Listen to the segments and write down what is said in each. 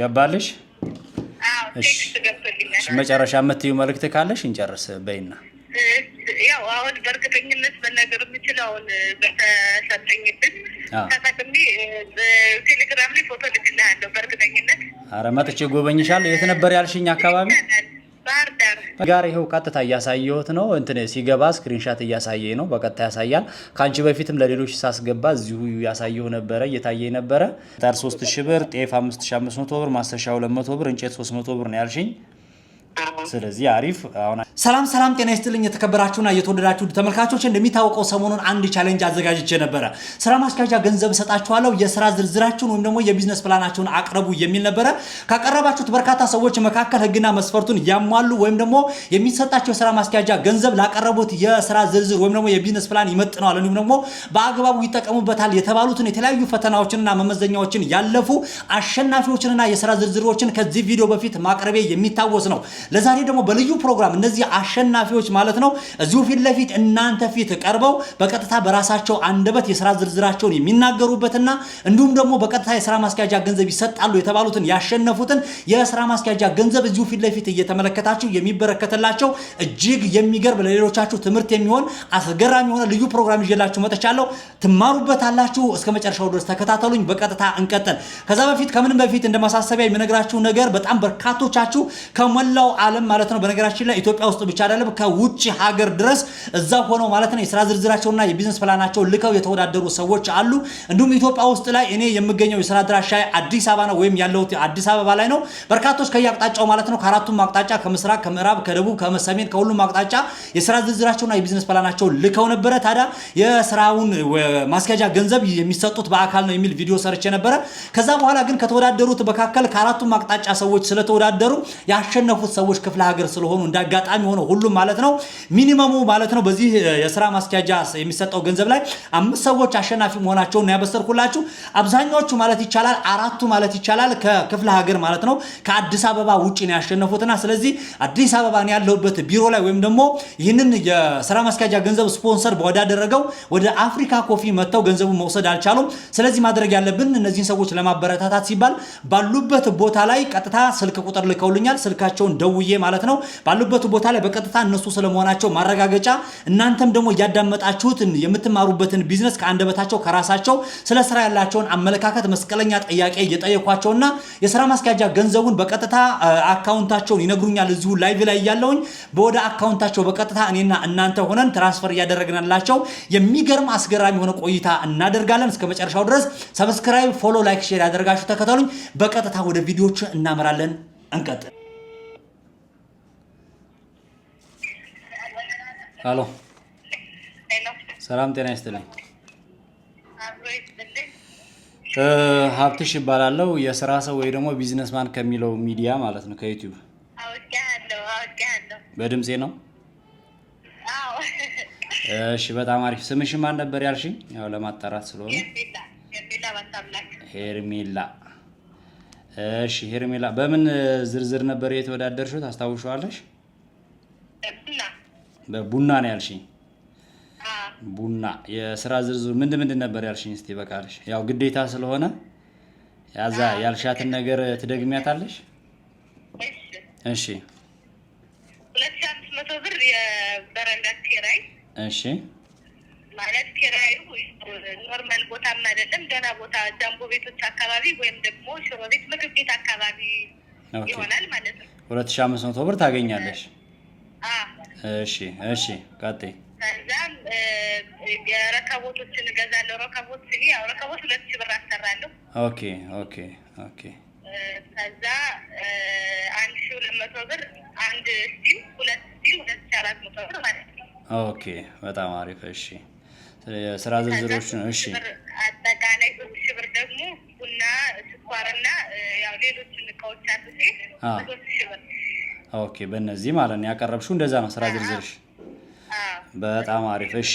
ገባልሽ? መጨረሻ የምትዩ መልእክት ካለሽ እንጨርስ በይና ያው አሁን በእርግጠኝነት መናገር የምችለው አሁን በተሰጠኝብን ተጠቅሜ ቴሌግራም ላይ ፎቶ ልክልሃለሁ በእርግጠኝነት። ኧረ መጥቼ የት ነበር ያልሽኝ አካባቢ? ባህርዳር ጋር ይኸው ቀጥታ እያሳየሁት ነው። እንትን ሲገባ ስክሪንሻት እያሳየ ነው፣ በቀጥታ ያሳያል። ከአንቺ በፊትም ለሌሎች ሳስገባ እዚሁ ያሳየሁ ነበረ፣ እየታየ ነበረ። ጠር 3000 ብር፣ ጤፍ 5500 ብር፣ ማስተሻ 200 ብር፣ እንጨት 300 ብር ነው ያልሽኝ። ስለዚህ አሪፍ። አሁን ሰላም ሰላም፣ ጤና ይስጥልኝ የተከበራችሁና የተወደዳችሁ ተመልካቾች፣ እንደሚታወቀው ሰሞኑን አንድ ቻሌንጅ አዘጋጅቼ ነበረ። ስራ ማስኪያጃ ገንዘብ እሰጣችኋለሁ፣ የስራ ዝርዝራችሁን ወይም ደግሞ የቢዝነስ ፕላናችሁን አቅርቡ የሚል ነበረ። ካቀረባችሁት በርካታ ሰዎች መካከል ህግና መስፈርቱን ያሟሉ ወይም ደግሞ የሚሰጣቸው የስራ ማስኪያጃ ገንዘብ ላቀረቡት የስራ ዝርዝር ወይም ደግሞ የቢዝነስ ፕላን ይመጥነዋል እንዲሁም ደግሞ በአግባቡ ይጠቀሙበታል የተባሉትን የተለያዩ ፈተናዎችንና መመዘኛዎችን ያለፉ አሸናፊዎችንና የስራ ዝርዝሮችን ከዚህ ቪዲዮ በፊት ማቅረቤ የሚታወስ ነው። ለዛሬ ደግሞ በልዩ ፕሮግራም እነዚህ አሸናፊዎች ማለት ነው እዚሁ ፊት ለፊት እናንተ ፊት ቀርበው በቀጥታ በራሳቸው አንደበት የስራ ዝርዝራቸውን የሚናገሩበትና እንዲሁም ደግሞ በቀጥታ የስራ ማስኪያጃ ገንዘብ ይሰጣሉ የተባሉትን ያሸነፉትን የስራ ማስኪያጃ ገንዘብ እዚሁ ፊት ለፊት እየተመለከታችሁ የሚበረከትላቸው እጅግ የሚገርም ለሌሎቻችሁ ትምህርት የሚሆን አስገራሚ የሆነ ልዩ ፕሮግራም ይዤላችሁ መጥቻለሁ። ትማሩበታላችሁ። እስከ መጨረሻው ድረስ ተከታተሉኝ። በቀጥታ እንቀጥል። ከዛ በፊት ከምንም በፊት እንደማሳሰቢያ የሚነግራችሁ ነገር በጣም በርካቶቻችሁ ከሞላው ከመላው ዓለም ማለት ነው። በነገራችን ላይ ኢትዮጵያ ውስጥ ብቻ አይደለም ከውጭ ሀገር ድረስ እዛ ሆነው ማለት ነው የስራ ዝርዝራቸውና የቢዝነስ ፕላናቸው ልከው የተወዳደሩ ሰዎች አሉ። እንዲሁም ኢትዮጵያ ውስጥ ላይ እኔ የምገኘው የስራ አድራሻዬ አዲስ አበባ ነው ወይም ያለሁት አዲስ አበባ ላይ ነው። በርካቶች ከየአቅጣጫው ማለት ነው ከአራቱም አቅጣጫ ከምስራቅ፣ ከምዕራብ፣ ከደቡብ፣ ከሰሜን ከሁሉም አቅጣጫ የስራ ዝርዝራቸውና የቢዝነስ ፕላናቸው ልከው ነበረ። ታዲያ የስራውን ማስኪያጃ ገንዘብ የሚሰጡት በአካል ነው የሚል ቪዲዮ ሰርቼ ነበረ። ከዛ በኋላ ግን ከተወዳደሩት መካከል ከአራቱም አቅጣጫ ሰዎች ስለተወዳደሩ ያሸነፉት ሰዎች ክፍለ ሀገር ስለሆኑ እንደ አጋጣሚ ሆኖ ሁሉም ማለት ነው ሚኒመሙ ማለት ነው በዚህ የስራ ማስኪያጃ የሚሰጠው ገንዘብ ላይ አምስት ሰዎች አሸናፊ መሆናቸውን ነው ያበሰርኩላችሁ። አብዛኛዎቹ ማለት ይቻላል አራቱ ማለት ይቻላል ከክፍለ ሀገር ማለት ነው ከአዲስ አበባ ውጭ ነው ያሸነፉትና ስለዚህ አዲስ አበባ ነው ያለሁበት ቢሮ ላይ ወይም ደግሞ ይህንን የስራ ማስኪያጃ ገንዘብ ስፖንሰር ወዳደረገው ወደ አፍሪካ ኮፊ መጥተው ገንዘቡ መውሰድ አልቻሉም። ስለዚህ ማድረግ ያለብን እነዚህን ሰዎች ለማበረታታት ሲባል ባሉበት ቦታ ላይ ቀጥታ ስልክ ቁጥር ልከውልኛል። ስልካቸውን ደ ደውዬ ማለት ነው ባሉበት ቦታ ላይ በቀጥታ እነሱ ስለመሆናቸው ማረጋገጫ እናንተም ደግሞ እያዳመጣችሁትን የምትማሩበትን ቢዝነስ ከአንደበታቸው ከራሳቸው ስለ ስራ ያላቸውን አመለካከት መስቀለኛ ጥያቄ እየጠየኳቸውና የስራ ማስኪያጃ ገንዘቡን በቀጥታ አካውንታቸውን ይነግሩኛል። እዚሁ ላይቭ ላይ እያለውኝ በወደ አካውንታቸው በቀጥታ እኔና እናንተ ሆነን ትራንስፈር እያደረግናላቸው የሚገርም አስገራሚ የሆነ ቆይታ እናደርጋለን። እስከ መጨረሻው ድረስ ሰብስክራይብ፣ ፎሎ፣ ላይክ፣ ሼር ያደርጋችሁ ተከተሉኝ። በቀጥታ ወደ ቪዲዮቹ እናመራለን። እንቀጥል። ሄሎ፣ ሰላም ጤና ይስጥልኝ። ሀብትሽ ይባላለው የስራ ሰው ወይ ደግሞ ቢዝነስማን ከሚለው ሚዲያ ማለት ነው ከዩቲዩብ በድምፄ ነው። እሺ በጣም አሪፍ። ስምሽ ማን ነበር ያልሽኝ? ያው ለማጣራት ስለሆነ ሄርሜላ። እሺ ሄርሜላ፣ በምን ዝርዝር ነበር የተወዳደርሽው ታስታውሻለሽ? ቡና ነው ያልሽኝ። ቡና የስራ ዝርዝሩ ምንድን ምንድን ነበር ያልሽኝ? እስኪ በቃልሽ ያው ግዴታ ስለሆነ ያዛ ያልሻትን ነገር ትደግሚያታለሽ። እሺ ሁለት አምስት መቶ ብር የበረንዳ ኪራይ። እሺ ማለት ኪራዩ ኖርማል ቦታም አይደለም ደህና ቦታ ጃምቦ ቤቶች አካባቢ ወይም ደግሞ ሽሮ ቤት ምግብ ቤት አካባቢ ይሆናል ማለት ነው። ሁለት ሺ አምስት መቶ ብር ታገኛለሽ። እሺ፣ እሺ፣ ቀጥይ። ከዛም ረከቦቶችን እገዛለሁ። ረከቦት ስ ያው ረከቦት ሁለት ሺህ ብር አሰራለሁ። ኦኬ፣ ኦኬ፣ ኦኬ። ከዛ አንድ ሺህ ሁለት መቶ ብር አንድ ስቲም ሁለት ስቲም ሁለት ሺህ አራት መቶ ብር ማለት ነው። ኦኬ፣ በጣም አሪፍ። እሺ፣ ስራ ዝርዝሮች ነው። እሺ፣ አጠቃላይ ሶስት ሺህ ብር ደግሞ ቡና፣ ስኳርና ያው ሌሎችን እቃዎች አሉ ሴት ሶስት ሺህ ብር ኦኬ በእነዚህ ማለት ነው ያቀረብሽው፣ እንደዛ ነው ስራ ዝርዝርሽ። በጣም አሪፍ። እሺ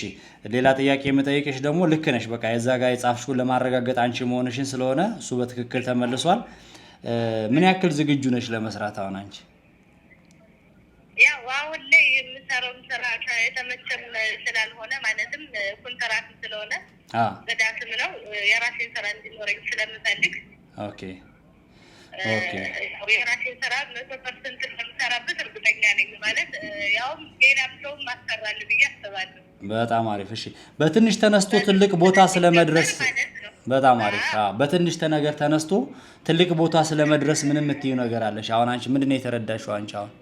ሌላ ጥያቄ የምጠይቅሽ ደግሞ ልክ ነሽ፣ በቃ የዛ ጋር የጻፍሽውን ለማረጋገጥ አንቺ መሆንሽን ስለሆነ እሱ በትክክል ተመልሷል። ምን ያክል ዝግጁ ነሽ ለመስራት አሁን አንቺ? ያው አሁን ላይ የምሰራውን ስራ የተመቸም ስላልሆነ ማለትም ኮንትራት ስለሆነ በዳስም ነው የራሴን ስራ እንዲኖረኝ ስለምፈልግ ኦኬ የራሴን ስራ መቶ ፐርሰንት እንደምሰራበት እርግጠኛ ነኝ። ማለት ያውም ሌላ ብለውም ብዬ አስባለሁ። በጣም አሪፍ። እሺ በትንሽ ተነስቶ ትልቅ ቦታ ስለመድረስ በጣም አሪፍ። በትንሽ ነገር ተነስቶ ትልቅ ቦታ ስለመድረስ ምን የምትዩ ነገር አለሽ? አሁን አንቺ ምንድን ነው የተረዳሽው? አንቺ አሁን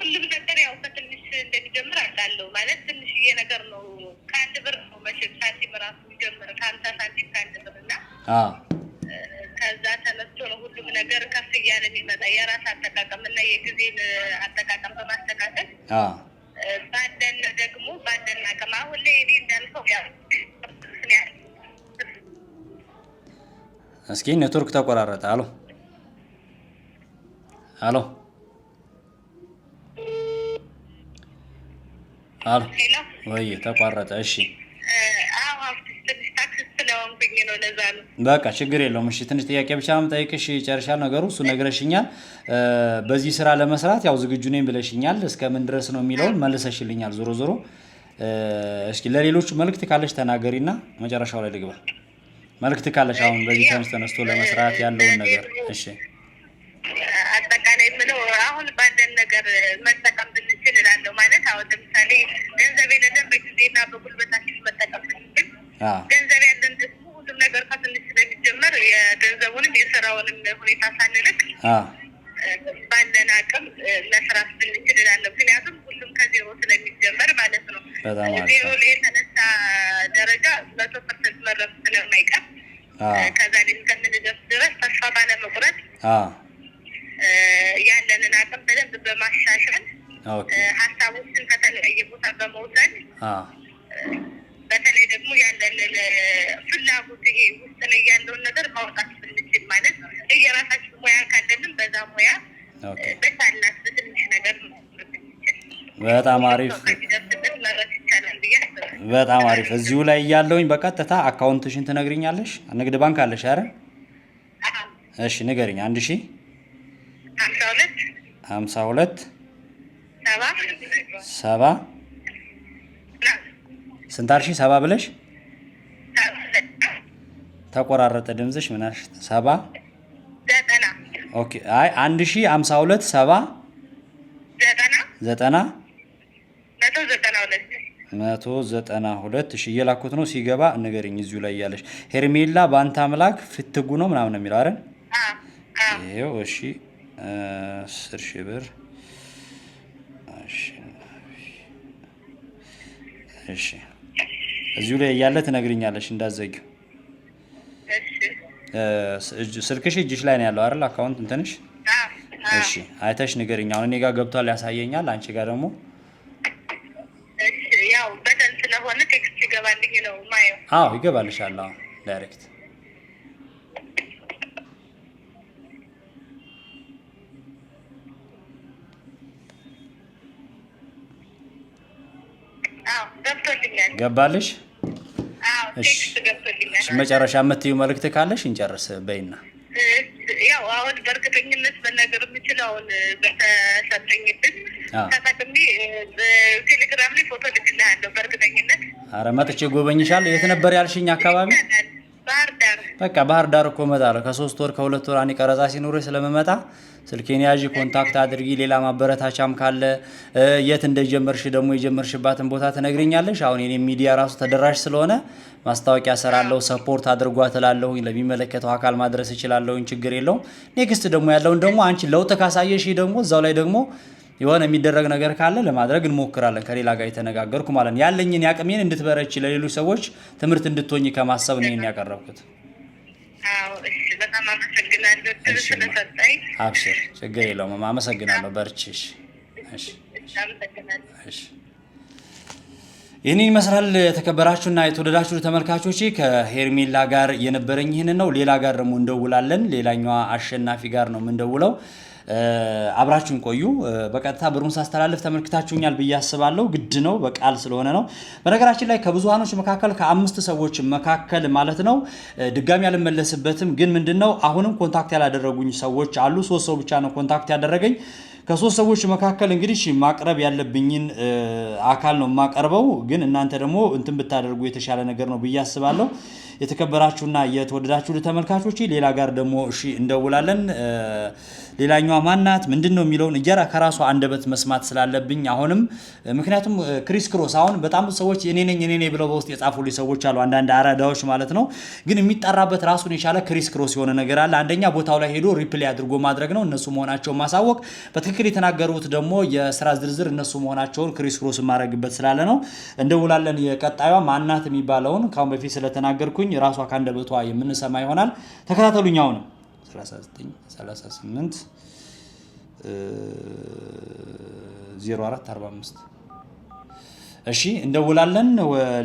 ሁሉም ነገር ያው ከትንሽ እንደሚጀምር አውቃለሁ። ማለት ትንሽዬ ነገር ነው። ከአንድ ብር ነው መሸጥ ሳንቲም ራሱ የሚጀምር ከአምሳ ሳንቲም ከአንድ ብር እና ከዛ ተነስቶ ነው ሁሉም ነገር ከፍ እያለ የሚመጣ። የራስ አጠቃቀም እና የጊዜን አጠቃቀም በማስተካከል ባለን ደግሞ ባለን አቅም አሁን ላይ እኔ እንዳልከው ያው እስኪ ኔትወርክ ተቆራረጠ። አሎ አሎ አሎ ወይ ተቋረጠ። እሺ ስለሆንኩኝ ነው። ለዛ ነው። በቃ ችግር የለውም። እሺ ትንሽ ጥያቄ ብቻ የምጠይቅሽ ጨርሻል። ነገሩ። እሱ ነግረሽኛል። በዚህ ስራ ለመስራት ያው ዝግጁ ነኝ ብለሽኛል። እስከምን ድረስ ነው የሚለውን መልሰሽልኛል። ዞሮ ዞሮ እስኪ ለሌሎቹ መልእክት ካለሽ ተናገሪና መጨረሻው ላይ ልግባ። መልእክት ካለሽ አሁን በዚህ ተምስ ተነስቶ ለመስራት ያለውን ነገር እሺ አጠቃላይ ምለው አሁን ባለን ነገር መጠቀም ብንችል እላለሁ። ማለት አሁን ለምሳሌ ገንዘብ የለንም፣ በጊዜና በጉልበታችን መጠቀም ብንችል የቦታውንም ሁኔታ ሳንልክ ባለን አቅም መስራት ብንችል እላለሁ። ምክንያቱም ሁሉም ከዜሮ ስለሚጀመር ማለት ነው። ዜሮ ላይ የተነሳ ደረጃ መቶ ፐርሰንት መድረስ ስለማይቀር ከዛ ላይ እስከምንደርስ ድረስ ተስፋ ባለመቁረጥ ያለንን አቅም በደንብ በማሻሻል ሀሳቦችን ከተለያየ ቦታ በመውሰድ በተለይ ደግሞ ያለንን ፍላጎት ይሄ ውስጥ ላይ ያለውን ነገር ማውጣት የራሳችን ሙያ ካለንም በዛ ሙያ በሳላት በትንሽ ነገር በጣም አሪፍ በጣም አሪፍ። እዚሁ ላይ እያለውኝ በቀጥታ አካውንትሽን ትነግሪኛለሽ? ንግድ ባንክ አለሽ አረ? እሺ ንገሪኝ። አንድ ሺ ሀምሳ ሁለት ሰባ ስንት አልሽኝ? ሰባ ብለሽ ተቆራረጠ ድምፅሽ ምናሽ ሰባ ኦኬ አይ ዘጠና መቶ ዘጠና ሁለት እሺ እየላኩት ነው ሲገባ ንገረኝ። እዚሁ ላይ ያለሽ ሄርሜላ በአንተ አምላክ ፍትጉ ነው ምናምን የሚለው አይደል? ይሄው እሺ፣ አስር ሺህ ብር እሺ፣ እዚሁ ላይ እያለ ትነግርኛለሽ እንዳዘጊው ስልክሽ እጅሽ ላይ ነው ያለው አይደል? አካውንት እንትንሽ። እሺ አይተሽ ንገሪኝ። አሁን እኔ ጋር ገብቷል ያሳየኛል፣ አንቺ ጋር ደግሞ ያው በተን ስለሆነ ቴክስት ይገባልኝ ነው ማየው። አዎ ይገባልሻል። አዎ ዳይሬክት ገባልሽ? እሺ መጨረሻ የምትዩ መልእክት ካለሽ እንጨርስ በይና። ያው አሁን በእርግጠኝነት መናገር የምችለው አሁን በተሰጠኝ ብል ተጠቅሜ ቴሌግራም ላይ ፎቶ ልክልሃለሁ በእርግጠኝነት። ኧረ መጥቼ ጎበኝሻል። የት ነበር ያልሽኝ አካባቢ? በቃ ባህር ዳር እኮ እመጣለሁ። ከሶስት ወር ከሁለት ወር አኔ ቀረጻ ሲኖር ስለምመጣ ስልኬን ያዥ፣ ኮንታክት አድርጊ። ሌላ ማበረታቻም ካለ የት እንደጀመርሽ ደግሞ የጀመርሽባትን ቦታ ትነግርኛለሽ። አሁን የኔ ሚዲያ ራሱ ተደራሽ ስለሆነ ማስታወቂያ ሰራለሁ፣ ሰፖርት አድርጓ ትላለሁ። ለሚመለከተው አካል ማድረስ እችላለሁ፣ ችግር የለውም። ኔክስት ደግሞ ያለውን ደግሞ አንቺ ለውጥ ካሳየሽ ደግሞ እዛው ላይ ደግሞ የሆነ የሚደረግ ነገር ካለ ለማድረግ እንሞክራለን። ከሌላ ጋር የተነጋገርኩ ማለት ያለኝን ያቅሜን እንድትበረች ለሌሎች ሰዎች ትምህርት እንድትሆኝ ከማሰብ ነው ይሄን ያቀረብኩት። አብሽር፣ ችግር የለውም። አመሰግናለሁ። በርችሽ። ይህንን ይመስላል የተከበራችሁና የተወደዳችሁ ተመልካቾች፣ ከሄርሜላ ጋር የነበረኝ ይህንን ነው። ሌላ ጋር ደግሞ እንደውላለን። ሌላኛዋ አሸናፊ ጋር ነው የምንደውለው። አብራችሁን ቆዩ። በቀጥታ ብሩን ሳስተላልፍ ተመልክታችሁኛል ብዬ አስባለሁ። ግድ ነው፣ በቃል ስለሆነ ነው። በነገራችን ላይ ከብዙሃኖች መካከል ከአምስት ሰዎች መካከል ማለት ነው ድጋሚ አልመለስበትም። ግን ምንድን ነው አሁንም ኮንታክት ያላደረጉኝ ሰዎች አሉ። ሶስት ሰው ብቻ ነው ኮንታክት ያደረገኝ። ከሶስት ሰዎች መካከል እንግዲህ ማቅረብ ያለብኝን አካል ነው የማቀርበው። ግን እናንተ ደግሞ እንትን ብታደርጉ የተሻለ ነገር ነው ብዬ አስባለሁ። የተከበራችሁና የተወደዳችሁ ተመልካቾች ሌላ ጋር ደግሞ እሺ እንደውላለን። ሌላኛዋ ማናት ምንድን ነው የሚለውን እያራ ከራሷ አንደበት መስማት ስላለብኝ አሁንም ምክንያቱም ክሪስ ክሮስ አሁን በጣም ሰዎች እኔ ነኝ እኔ ነኝ ብለው በውስጥ የጻፉልኝ ሰዎች አሉ፣ አንዳንድ አራዳዎች ማለት ነው። ግን የሚጠራበት ራሱን የቻለ ክሪስ ክሮስ የሆነ ነገር አለ። አንደኛ ቦታው ላይ ሄዶ ሪፕሌይ አድርጎ ማድረግ ነው፣ እነሱ መሆናቸውን ማሳወቅ። በትክክል የተናገሩት ደግሞ የስራ ዝርዝር እነሱ መሆናቸውን ክሪስ ክሮስ የማድረግበት ስላለ ነው። እንደውላለን የቀጣዩ ማናት የሚባለውን ካሁን በፊት ስለተናገርኩኝ ራሷ ካንደበቷ የምንሰማ ይሆናል። ተከታተሉኝ አሁንም 39 እሺ እንደውላለን።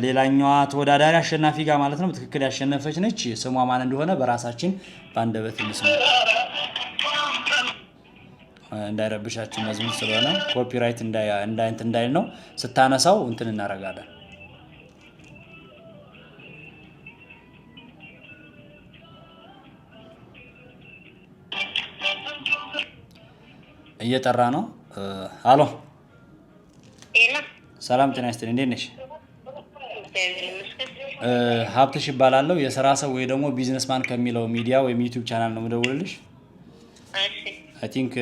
ሌላኛዋ ተወዳዳሪ አሸናፊ ጋር ማለት ነው። ትክክል ያሸነፈች ነች። ስሟ ማን እንደሆነ በራሳችን በአንደበት እንስማ። እንዳይረብሻችሁ መዝሙር ስለሆነ ኮፒራይት እንዳይንት እንዳይል ነው ስታነሳው እንትን እናረጋለን። እየጠራ ነው። አሎ ሰላም ጤና ይስጥልኝ፣ እንዴት ነሽ? ሀብትሽ ይባላለሁ። የስራ ሰው ወይ ደግሞ ቢዝነስማን ከሚለው ሚዲያ ወይም ዩቲዩብ ቻናል ነው የምደውልልሽ። አይ ቲንክ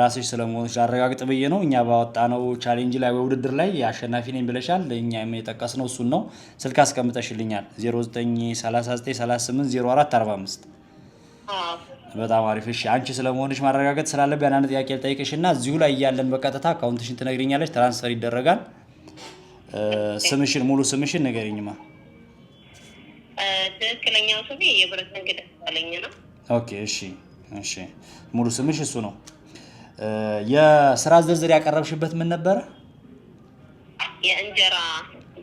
ራስሽ ስለመሆንሽ ላረጋግጥ ብዬ ነው። እኛ ባወጣነው ቻሌንጅ ላይ ውድድር ላይ አሸናፊ ነኝ ብለሻል። እኛ የጠቀስነው እሱን ነው። ስልክ አስቀምጠሽልኛል 45። በጣም አሪፍ። እሺ አንቺ ስለመሆንሽ ማረጋገጥ ስላለብኝ አንዳንድ ጥያቄ ልጠይቅሽ እና እዚሁ ላይ እያለን በቀጥታ አካውንትሽን ትነግሪኛለሽ። ትራንስፈር ይደረጋል። ስምሽን ሙሉ ስምሽን ንገሪኝማ። ትክክለኛው ስሜ የብረት መንገድ አለኝ ነው። ኦኬ እሺ፣ እሺ ሙሉ ስምሽ እሱ ነው። የስራ ዝርዝር ያቀረብሽበት ምን ነበረ? የእንጀራ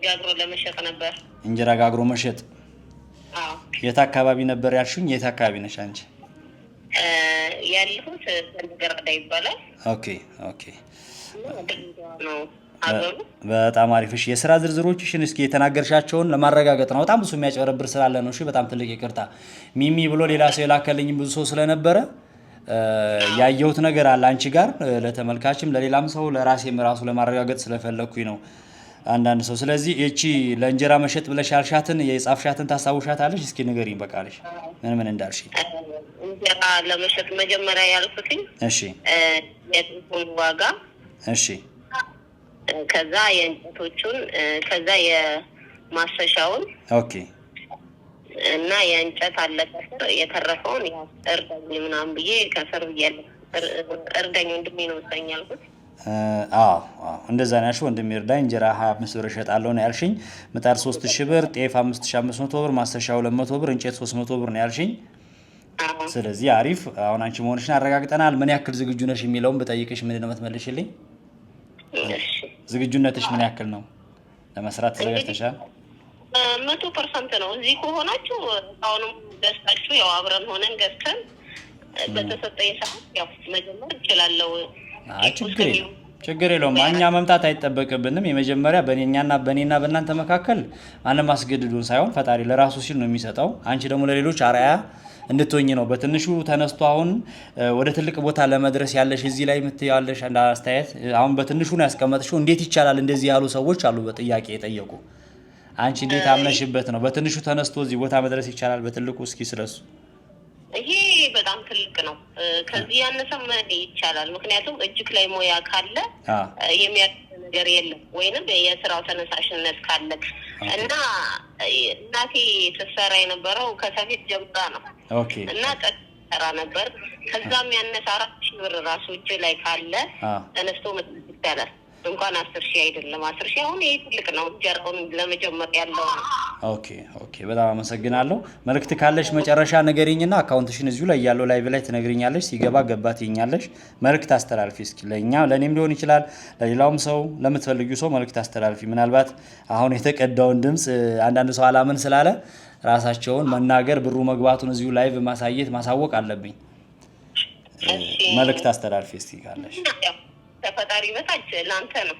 ጋግሮ ለመሸጥ ነበር። እንጀራ ጋግሮ መሸጥ። የት አካባቢ ነበር ያልሽኝ? የት አካባቢ ነሽ አንቺ? ያለሁት ነገር ይባላል። ኦኬ ኦኬ። በጣም አሪፍ። እሺ የስራ ዝርዝሮችሽን እስኪ የተናገርሻቸውን ለማረጋገጥ ነው። በጣም ብዙ የሚያጭበረብር ስላለ ነው። እሺ በጣም ትልቅ ይቅርታ። ሚሚ ብሎ ሌላ ሰው የላከልኝ ብዙ ሰው ስለነበረ ያየሁት ነገር አለ አንቺ ጋር ለተመልካችም ለሌላም ሰው ለራሴም ራሱ ለማረጋገጥ ስለፈለግኩኝ ነው። አንዳንድ ሰው ስለዚህ እቺ ለእንጀራ መሸጥ ብለሽ ያልሻትን የጻፍሻትን ታስታውሻታለሽ? እስኪ ንገሪኝ በቃለሽ ምን ምን እንዳልሽ እንጀራ ለመሸጥ መጀመሪያ ያልኩትኝ እሺ፣ የጥንቱን ዋጋ እሺ፣ ከዛ የእንጨቶቹን፣ ከዛ የማሰሻውን ኦኬ እና የእንጨት አለቀ የተረፈውን እርዳኝ ምናምን ብዬ ከስር ብያለሁ። እርዳኝ ወንድሜ ነው መሰለኝ ያልኩት። እንደዛ ነው ያልሽው። ወንድሜ እርዳኝ፣ እንጀራ ሀያ ብር እሸጣለሁ ነው ያልሽኝ። ምጣድ ሶስት ሺህ ብር፣ ጤፍ አምስት ሺህ መቶ ብር፣ ማሰሻ ብር፣ እንጨት ሶስት መቶ ብር ነው ያልሽኝ። ስለዚህ አሪፍ። አሁን አንቺ መሆንሽን አረጋግጠናል። ምን ያክል ዝግጁ ነሽ የሚለውን በጠይቅሽ ምንድን ነው የምትመልሽልኝ? ዝግጁነትሽ ምን ያክል ነው? ለመስራት ተዘጋጅተሻል? መቶ ፐርሰንት ነው። እዚህ ከሆናችሁ አሁንም ገዝታችሁ ያው አብረን ሆነን ገዝተን በተሰጠኝ ሰዓት ያው መጀመር እችላለሁ። ችግር የለውም ችግር የለውም። እኛ መምጣት አይጠበቅብንም። የመጀመሪያ በእኛና በእኔና በእናንተ መካከል ማንም አስገድዱን ሳይሆን ፈጣሪ ለራሱ ሲል ነው የሚሰጠው። አንቺ ደግሞ ለሌሎች አርአያ እንድትሆኝ ነው። በትንሹ ተነስቶ አሁን ወደ ትልቅ ቦታ ለመድረስ ያለሽ እዚህ ላይ ምትያለሽ እንደ አስተያየት አሁን በትንሹ ነው ያስቀመጥሽው። እንዴት ይቻላል? እንደዚህ ያሉ ሰዎች አሉ በጥያቄ የጠየቁ። አንቺ እንዴት አምነሽበት ነው? በትንሹ ተነስቶ እዚህ ቦታ መድረስ ይቻላል። በትልቁ እስኪ ስለሱ ይሄ በጣም ትልቅ ነው። ከዚህ ያነሰ ምን ይቻላል። ምክንያቱም እጅግ ላይ ሙያ ካለ የሚያ ነገር የለም ወይንም የስራው ተነሳሽነት ካለ እና እናቴ ስትሰራ የነበረው ከሰፊት ጀምራ ነው እና ቀ ሰራ ነበር። ከዛም ያነሳ አራት ሺህ ብር ራሱ እጅ ላይ ካለ ተነስቶ መ ይቻላል እንኳን አስር ሺህ አይደለም አስር ሺህ አሁን ይህ ትልቅ ነው። ጨርቁን ለመጀመር ያለው ኦኬ ኦኬ። በጣም አመሰግናለሁ። መልእክት ካለሽ መጨረሻ ነገርኝና አካውንትሽን እዚሁ ላይ ያለው ላይቭ ላይ ትነግርኛለሽ። ሲገባ ገባ ትይኛለሽ። መልእክት አስተላልፊ እስኪ ለእኛ ለእኔም ሊሆን ይችላል ለሌላውም ሰው ለምትፈልጊው ሰው መልእክት አስተላልፊ። ምናልባት አሁን የተቀዳውን ድምፅ አንዳንድ ሰው አላምን ስላለ ራሳቸውን መናገር ብሩ መግባቱን እዚሁ ላይቭ ማሳየት ማሳወቅ አለብኝ። መልእክት አስተላልፊ እስኪ ካለሽ ከፈጣሪ በታች ለአንተ ነው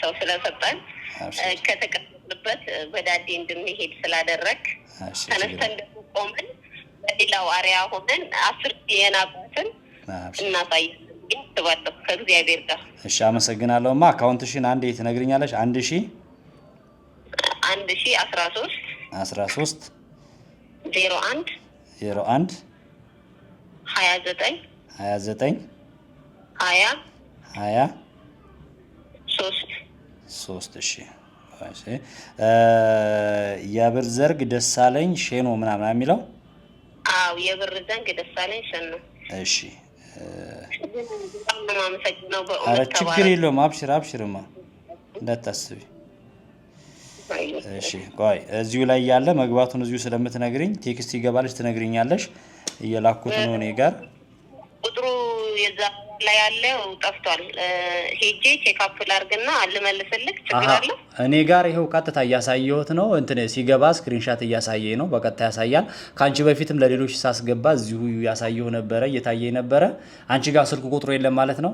ሰው ስለሰጠን ከተቀመጥንበት በዳዴ እንድንሄድ ስላደረግ ተነስተን ደግሞ ቆመን በሌላው አሪያ ሆነን አስር የናቁትን እናሳይ ትባለሁ ከእግዚአብሔር ጋር እሺ፣ አመሰግናለሁ። ማ አካውንትሽን አንዴ ትነግርኛለች አንድ ሺ አንድ ሺ አስራ ሶስት አስራ ሶስት ዜሮ አንድ ዜሮ አንድ ሀያ ዘጠኝ ሀያ ዘጠኝ ሀያ ሀያ ሶስት ሶስት እሺ የብር ዘርግ ደሳለኝ ሼኖ ምናምን የሚለው አዎ የብር ዘርግ ደሳለኝ ሸኖ እሺ ኧረ ችግር የለውም አብሽር አብሽርማ እንዳታስቢ እሺ ቆይ እዚሁ ላይ ያለ መግባቱን እዚሁ ስለምትነግርኝ ቴክስት ይገባለች ትነግርኛለሽ እየላኩት ነው እኔ ጋር ቁጥሩ የዛ ላይ ያለው ጠፍቷል። ሄጄ ቼክአፕ ላርግና አልመልስልክ ችግር አለ እኔ ጋር ይኸው ቀጥታ እያሳየሁት ነው። እንትን ሲገባ ስክሪንሻት እያሳየ ነው፣ በቀጥታ ያሳያል። ከአንቺ በፊትም ለሌሎች ሳስገባ እዚሁ ያሳየሁ ነበረ፣ እየታየ ነበረ። አንቺ ጋር ስልኩ ቁጥሩ የለም ማለት ነው?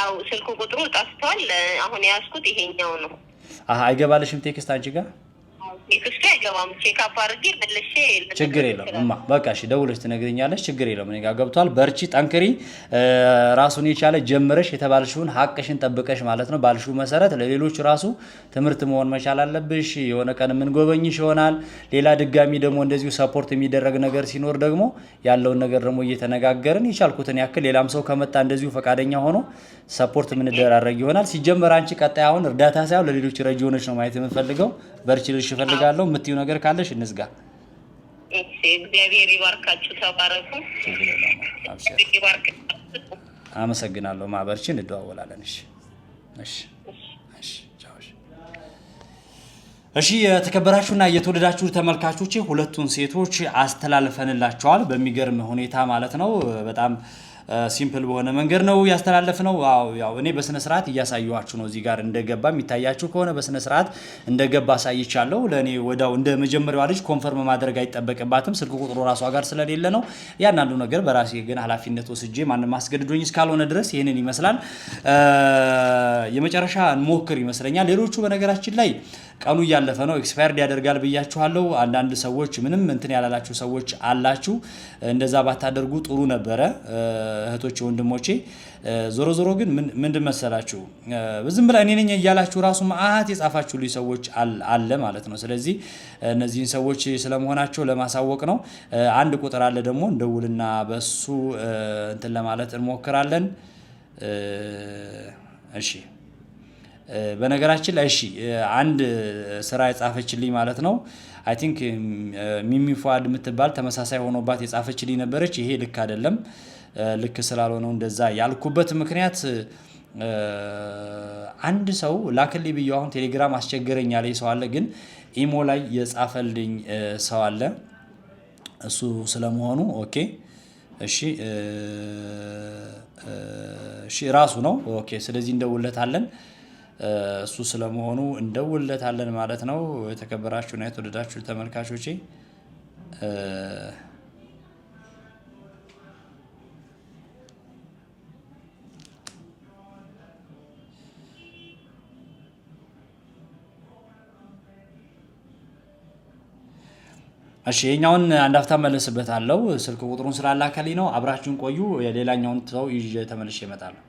አዎ ስልኩ ቁጥሩ ጠፍቷል። አሁን የያዝኩት ይሄኛው ነው። አይገባልሽም ቴክስት አንቺ ጋር ችግር የለም እማ በቃ እሺ፣ ደውለሽ ትነግሪኛለሽ። ችግር የለም እኔ ጋር ገብቷል። በርቺ፣ ጠንክሪ። ራሱን የቻለ ጀምረሽ የተባልሽውን ሀቅሽን ጠብቀሽ ማለት ነው ባልሽው መሰረት ለሌሎች ራሱ ትምህርት መሆን መቻል አለብሽ። የሆነ ቀን የምንጎበኝሽ ይሆናል። ሌላ ድጋሚ ደግሞ እንደዚሁ ሰፖርት የሚደረግ ነገር ሲኖር ደግሞ ያለውን ነገር ደግሞ እየተነጋገርን የቻልኩትን ያክል ሌላም ሰው ከመጣ እንደዚሁ ፈቃደኛ ሆኖ ሰፖርት የምንደራረግ ይሆናል። ሲጀመር አንቺ ቀጣይ አሁን እርዳታ ሳይሆን ለሌሎች ረጅ ሆነች ነው ማየት የምንፈልገው። በርቺ ልሽ ፈልግ ፈልጋለሁ የምትዩ ነገር ካለሽ እንዝጋ። እግዚአብሔር ይባርካችሁ። ተባረኩ። አመሰግናለሁ። ማህበርችን እንደዋወላለን። እሺ። የተከበራችሁና የተወደዳችሁ ተመልካቾች ሁለቱን ሴቶች አስተላልፈንላቸዋል። በሚገርም ሁኔታ ማለት ነው በጣም ሲምፕል በሆነ መንገድ ነው ያስተላለፍ ነው። ያው እኔ በስነ ስርዓት እያሳየኋችሁ ነው። እዚህ ጋር እንደገባ የሚታያችሁ ከሆነ በስነ ስርዓት እንደገባ አሳይቻለሁ። ለእኔ ወዳው እንደ መጀመሪያዋ ልጅ ኮንፈርም ማድረግ አይጠበቅባትም። ስልክ ቁጥሩ ራሷ ጋር ስለሌለ ነው። ያንዳንዱ ነገር በራሴ ግን ኃላፊነት ወስጄ ማንም አስገድዶኝ እስካልሆነ ድረስ ይህንን ይመስላል። የመጨረሻ እንሞክር ይመስለኛል። ሌሎቹ በነገራችን ላይ ቀኑ እያለፈ ነው፣ ኤክስፓየርድ ያደርጋል ብያችኋለሁ። አንዳንድ ሰዎች ምንም እንትን ያላላችሁ ሰዎች አላችሁ። እንደዛ ባታደርጉ ጥሩ ነበረ። እህቶች ወንድሞቼ፣ ዞሮ ዞሮ ግን ምንድን መሰላችሁ ዝም ብላ እኔ ነኝ እያላችሁ ራሱ መአት የጻፋችሁልኝ ሰዎች አለ ማለት ነው። ስለዚህ እነዚህን ሰዎች ስለመሆናቸው ለማሳወቅ ነው። አንድ ቁጥር አለ ደግሞ እንደውልና በሱ እንትን ለማለት እንሞክራለን። እሺ በነገራችን ላይ እሺ አንድ ስራ የጻፈችልኝ ማለት ነው። አይ ቲንክ ሚሚ ፏድ የምትባል ተመሳሳይ ሆኖባት የጻፈችልኝ ነበረች። ይሄ ልክ አይደለም። ልክ ስላልሆነው እንደዛ ያልኩበት ምክንያት አንድ ሰው ላክሊ ብዬ አሁን ቴሌግራም አስቸገረኝ ያለኝ ሰው አለ፣ ግን ኢሞ ላይ የጻፈልኝ ሰው አለ። እሱ ስለመሆኑ ኦኬ፣ እሺ፣ እሺ፣ ራሱ ነው። ኦኬ፣ ስለዚህ እንደውለታለን። እሱ ስለመሆኑ እንደውለታለን ማለት ነው። የተከበራችሁና የተወደዳችሁ ተመልካቾቼ እሺ ይሄኛውን አንዳፍታ ሀፍታ አለው። ስልክ ቁጥሩን ስላላከልኝ ነው። አብራችሁን ቆዩ። የሌላኛውን ሰው ይዤ ተመልሼ እመጣለሁ።